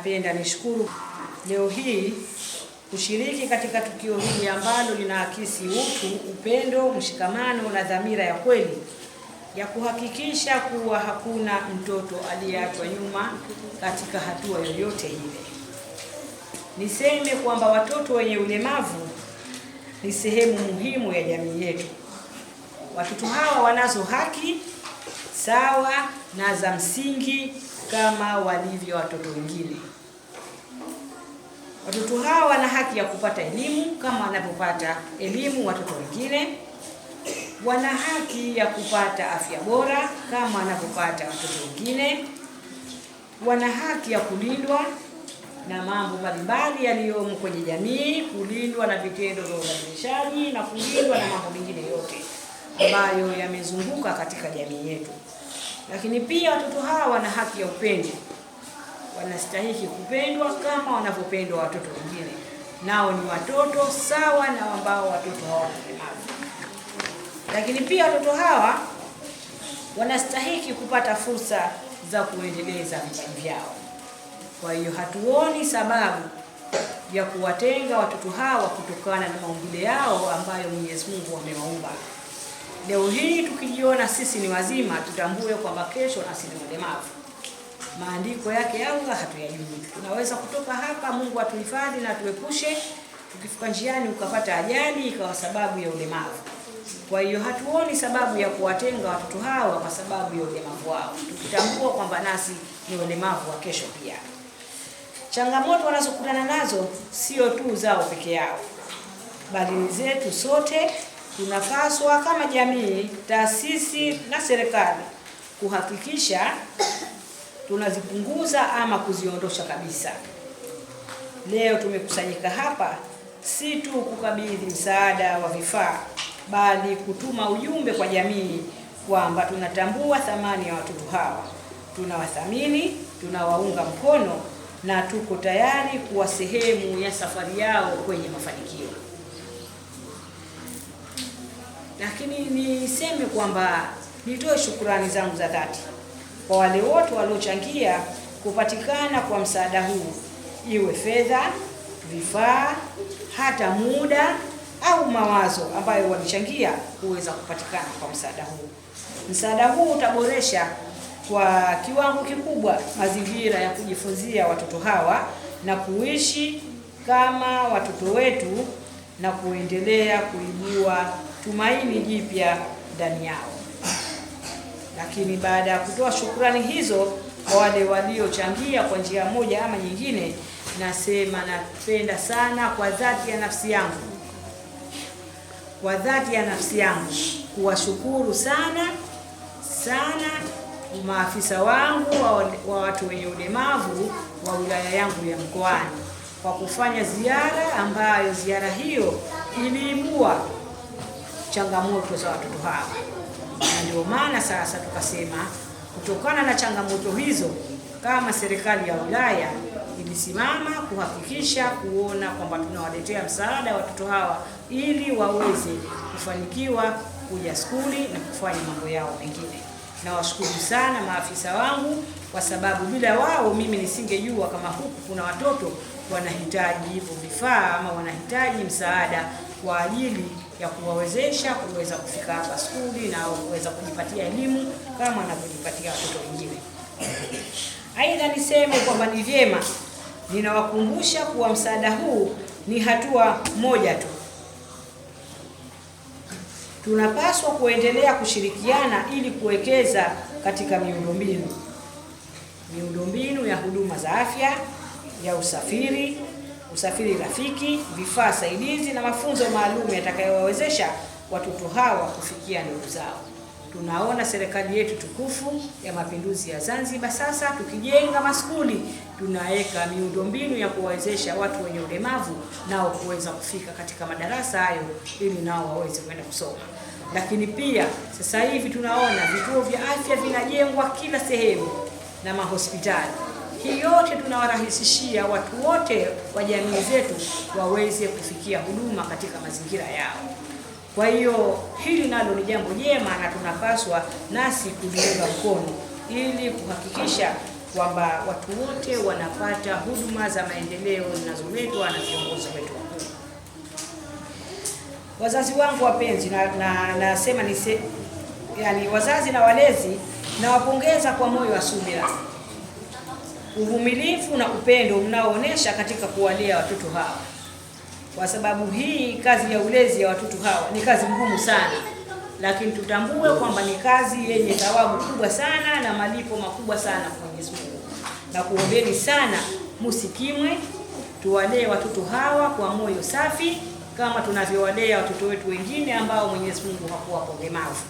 Napenda nishukuru leo hii kushiriki katika tukio hili ambalo linaakisi utu, upendo, mshikamano na dhamira ya kweli ya kuhakikisha kuwa hakuna mtoto aliyeachwa nyuma katika hatua yoyote ile. Niseme kwamba watoto wenye ulemavu ni sehemu muhimu ya jamii yetu. Watoto hawa wanazo haki sawa na za msingi kama walivyo watoto wengine. Watoto hawa wana haki ya kupata elimu kama wanapopata elimu watoto wengine. Wana haki ya kupata afya bora kama wanapopata watoto wengine. Wana haki ya kulindwa na mambo mbalimbali yaliyomo kwenye jamii, kulindwa na vitendo vya udhalilishaji na kulindwa na mambo mengine yote ambayo yamezunguka katika jamii yetu. Lakini pia watoto hawa wana haki ya upendo, wanastahili kupendwa kama wanavyopendwa watoto wengine. Nao ni watoto sawa na ambao watoto hawa walemavu. Lakini pia watoto hawa wanastahili kupata fursa za kuendeleza vipaji vyao. Kwa hiyo hatuoni sababu ya kuwatenga watoto hawa kutokana na maumbile yao ambayo Mwenyezi Mungu amewaumba. Leo hii tukijiona sisi ni wazima, tutambue kwamba kesho nasi ni walemavu. Maandiko yake Allah hatuyajui. Tunaweza kutoka hapa, Mungu atuhifadhi na tuepushe, tukifika njiani ukapata ajali ikawa sababu ya ulemavu. Kwa hiyo hatuoni sababu ya kuwatenga watoto hawa kwa sababu ya ulemavu wao, tukitambua kwamba nasi ni walemavu wa kesho pia. Changamoto wanazokutana nazo sio tu zao peke yao, bali ni zetu sote tunapaswa kama jamii, taasisi na serikali kuhakikisha tunazipunguza ama kuziondosha kabisa. Leo tumekusanyika hapa si tu kukabidhi msaada wa vifaa, bali kutuma ujumbe kwa jamii kwamba tunatambua thamani ya watoto hawa, tunawathamini, tunawaunga mkono na tuko tayari kuwa sehemu ya safari yao kwenye mafanikio. Lakini niseme kwamba nitoe shukurani zangu za dhati kwa wale wote waliochangia kupatikana kwa msaada huu, iwe fedha, vifaa, hata muda au mawazo ambayo walichangia kuweza kupatikana kwa msaada huu. Msaada huu utaboresha kwa kiwango kikubwa mazingira ya kujifunzia watoto hawa na kuishi kama watoto wetu na kuendelea kuibua tumaini jipya ndani yao. Lakini baada ya kutoa shukrani hizo kwa wale waliochangia kwa njia moja ama nyingine, nasema napenda sana kwa dhati ya nafsi yangu, kwa dhati ya nafsi yangu kuwashukuru sana sana maafisa wangu wa, wa watu wenye ulemavu wa wilaya yangu ya Mkoani kwa kufanya ziara ambayo ziara hiyo iliibua changamoto za watoto hawa, na ndio maana sasa tukasema kutokana na changamoto hizo, kama serikali ya wilaya ilisimama kuhakikisha kuona kwamba tunawaletea msaada watoto hawa ili waweze kufanikiwa kuja skuli na kufanya mambo yao mengine. Nawashukuru sana maafisa wangu kwa sababu bila wao mimi nisingejua kama huku kuna watoto wanahitaji hivyo vifaa ama wanahitaji msaada kwa ajili ya kuwawezesha kuweza kufika hapa skuli na kuweza kujipatia elimu kama anavyojipatia watoto wengine. Aidha, niseme kwamba ni vyema, ninawakumbusha kuwa msaada huu ni hatua moja tu. Tunapaswa kuendelea kushirikiana ili kuwekeza katika miundombinu miundombinu ya huduma za afya, ya usafiri usafiri rafiki, vifaa saidizi na mafunzo maalum yatakayowawezesha watoto hawa kufikia ndoto zao. Tunaona serikali yetu tukufu ya Mapinduzi ya Zanzibar sasa tukijenga maskuli, tunaweka miundombinu ya kuwawezesha watu wenye ulemavu nao kuweza kufika katika madarasa hayo ili nao waweze kwenda kusoma. Lakini pia sasa hivi tunaona vituo vya afya vinajengwa kila sehemu na mahospitali. Hii yote tunawarahisishia watu wote wa jamii zetu waweze kufikia huduma katika mazingira yao. Kwa hiyo hili nalo ni jambo jema na tunapaswa nasi kuliunga mkono ili kuhakikisha kwamba watu wote wanapata huduma za maendeleo zinazoletwa na viongozi wetu wakuu. Wazazi wangu wapenzi, na nasema na, ni yani, wazazi na walezi nawapongeza kwa moyo wa subira uvumilivu na upendo mnaoonyesha katika kuwalea watoto hawa, kwa sababu hii kazi ya ulezi ya watoto hawa ni kazi ngumu sana, lakini tutambue kwamba ni kazi yenye thawabu kubwa sana na malipo makubwa sana kwa Mwenyezi Mungu, na kuombeni sana musikimwe, tuwalee watoto hawa kwa moyo safi kama tunavyowalea watoto wetu wengine ambao Mwenyezi Mungu hakuwapa ulemavu.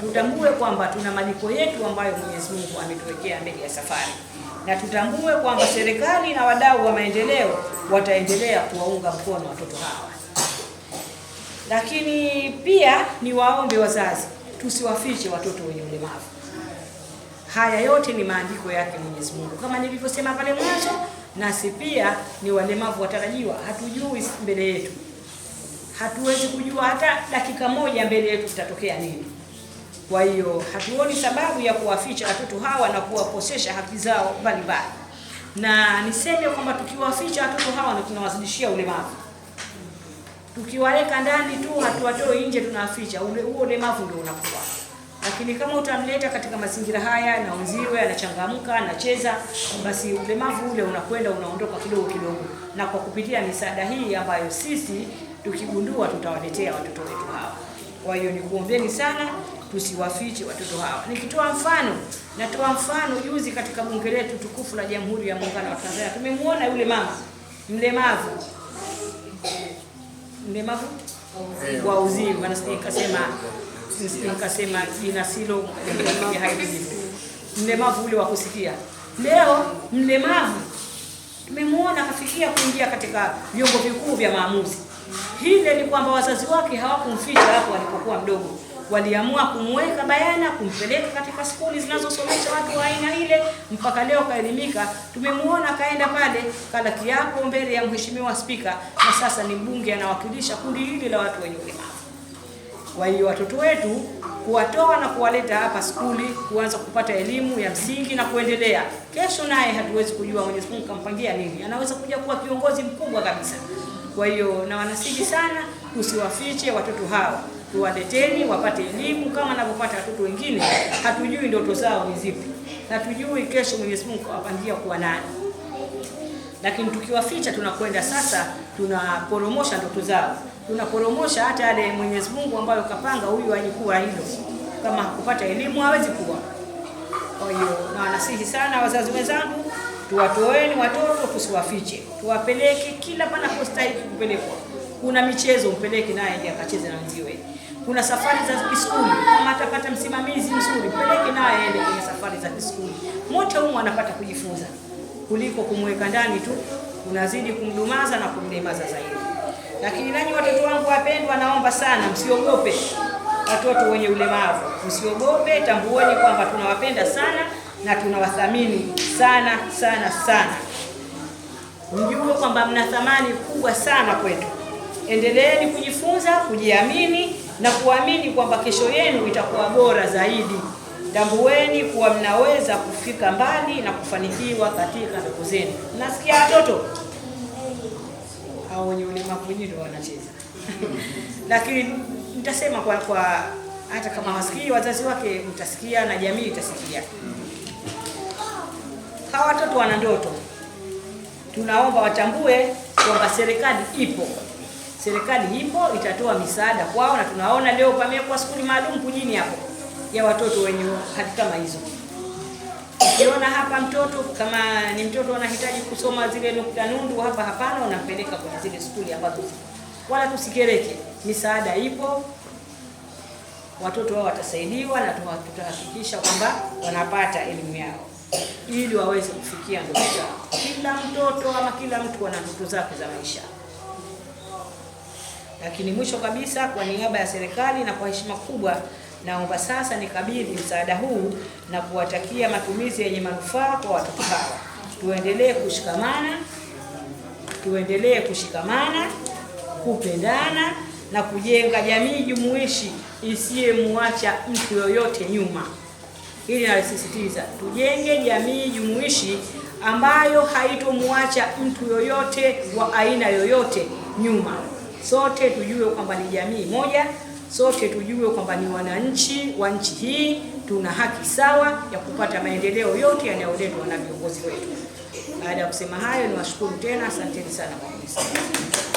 Tutambue kwamba tuna majiko yetu ambayo Mwenyezi Mungu ametuwekea mbele ya safari, na tutambue kwamba serikali na wadau wa maendeleo wataendelea kuwaunga mkono watoto hawa. Lakini pia ni waombe wazazi, tusiwafiche watoto wenye ulemavu. Haya yote ni maandiko yake Mwenyezi Mungu, kama nilivyosema pale mwanzo, nasi pia ni walemavu watarajiwa. Hatujui mbele yetu, hatuwezi kujua hata dakika moja mbele yetu tutatokea nini. Kwa hiyo hatuoni sababu ya kuwaficha watoto hawa na kuwakosesha haki zao mbalimbali, na niseme kwamba tukiwaficha watoto hawa na tunawazidishia ulemavu. Tukiwaweka ndani tu hatuwatoi nje, tunawaficha, ule huo ulemavu ndio unakuwa. Lakini kama utamleta katika mazingira haya na uziwe anachangamka, anacheza, basi ulemavu ule unakwenda unaondoka kidogo kidogo, na kwa kupitia misaada hii ambayo sisi tukigundua tutawaletea watoto wetu hawa. Kwa hiyo nikuombeni sana tusiwafiche watoto hawa. Nikitoa mfano, natoa mfano juzi katika bunge letu tukufu la Jamhuri ya Muungano wa Tanzania tumemwona yule mama mlemavu mlemavu eh. wa uzimu, nikasema nikasema jina silo mlemavu ule wa kusikia. Leo mlemavu tumemwona akafikia kuingia katika vyombo vikuu vya maamuzi. Hile ni kwamba wazazi wake hawakumficha hapo alipokuwa mdogo, waliamua kumweka bayana, kumpeleka katika skuli zinazosomesha watu wa aina ile. Mpaka leo kaelimika, tumemwona kaenda pale, kala kiapo mbele ya mheshimiwa Spika, na sasa ni mbunge, anawakilisha kundi hili la watu wenye ulemavu. Kwa hiyo watoto wetu kuwatoa na kuwaleta hapa skuli kuanza kupata elimu ya msingi na kuendelea, kesho naye hatuwezi kujua Mwenyezi Mungu kampangia nini, anaweza kuja kuwa kiongozi mkubwa kabisa. Kwa hiyo na wanasiji sana, usiwafiche watoto hawa, tuwaleteni wapate elimu kama wanavyopata watoto wengine. Hatujui ndoto zao ni zipi, hatujui kesho Mwenyezi Mungu apangia kuwa nani, lakini tukiwaficha, tunakwenda sasa, tunaporomosha ndoto zao, tunaporomosha hata yale Mwenyezi Mungu ambayo kapanga huyu ajikuwa hilo. Kama kupata elimu hawezi kuwa. Kwa hiyo na sana wazazi wenzangu Tuwatoeni watoto tusiwafiche, tuwapeleke kila panapostahili kupelekwa. Kuna michezo, mpeleke naye ndiye akacheze na mziwe. Kuna safari za kiskuli, kama atapata msimamizi mzuri, mpeleke naye aende kwenye safari za kiskuli. Mote humu anapata kujifunza kuliko kumweka ndani tu, unazidi kumdumaza na kumlemaza zaidi. Lakini nanyi watoto wangu wapendwa, naomba sana msiogope watoto wenye ulemavu, msiogope. Tambueni kwamba tunawapenda sana na tunawathamini sana sana sana. Mjue kwamba mna thamani kubwa sana kwetu. Endeleeni kujifunza, kujiamini na kuamini kwamba kesho yenu itakuwa bora zaidi. Tambueni kuwa mnaweza kufika mbali na kufanikiwa katika ndoto zenu. Nasikia watoto hao wenye ulemavu ndio wanacheza lakini nitasema kwa, kwa hata kama wasikii wazazi wake mtasikia na jamii itasikia hawa watoto wana ndoto, tunaomba watambue kwamba serikali ipo, serikali ipo, itatoa misaada kwao, na tunaona leo pamekuwa skuli maalum kujini hapo ya watoto wenye hali kama hizo. Ukiona hapa mtoto kama ni mtoto anahitaji kusoma zile nukta nundu hapa, hapana, unampeleka kwenye zile skuli ambazo, wala tusikereke, misaada ipo, watoto wao watasaidiwa na tutahakikisha kwamba wanapata elimu yao ili waweze kufikia ndoto zao. Kila mtoto ama kila mtu ana ndoto zake za maisha. Lakini mwisho kabisa, kwa niaba ya serikali na kwa heshima kubwa, naomba sasa nikabidhi msaada huu na kuwatakia matumizi yenye manufaa kwa watoto hawa. Tuendelee kushikamana, tuendelee kushikamana, kupendana na kujenga jamii jumuishi isiyemwacha mtu yoyote nyuma ili anasisitiza tujenge jamii jumuishi ambayo haitomwacha mtu yoyote wa aina yoyote nyuma. Sote tujue kwamba ni jamii moja, sote tujue kwamba ni wananchi wa nchi hii, tuna haki sawa ya kupata maendeleo yote yanayoletwa na viongozi wetu. Baada ya kusema hayo, niwashukuru tena, asanteni sana kwa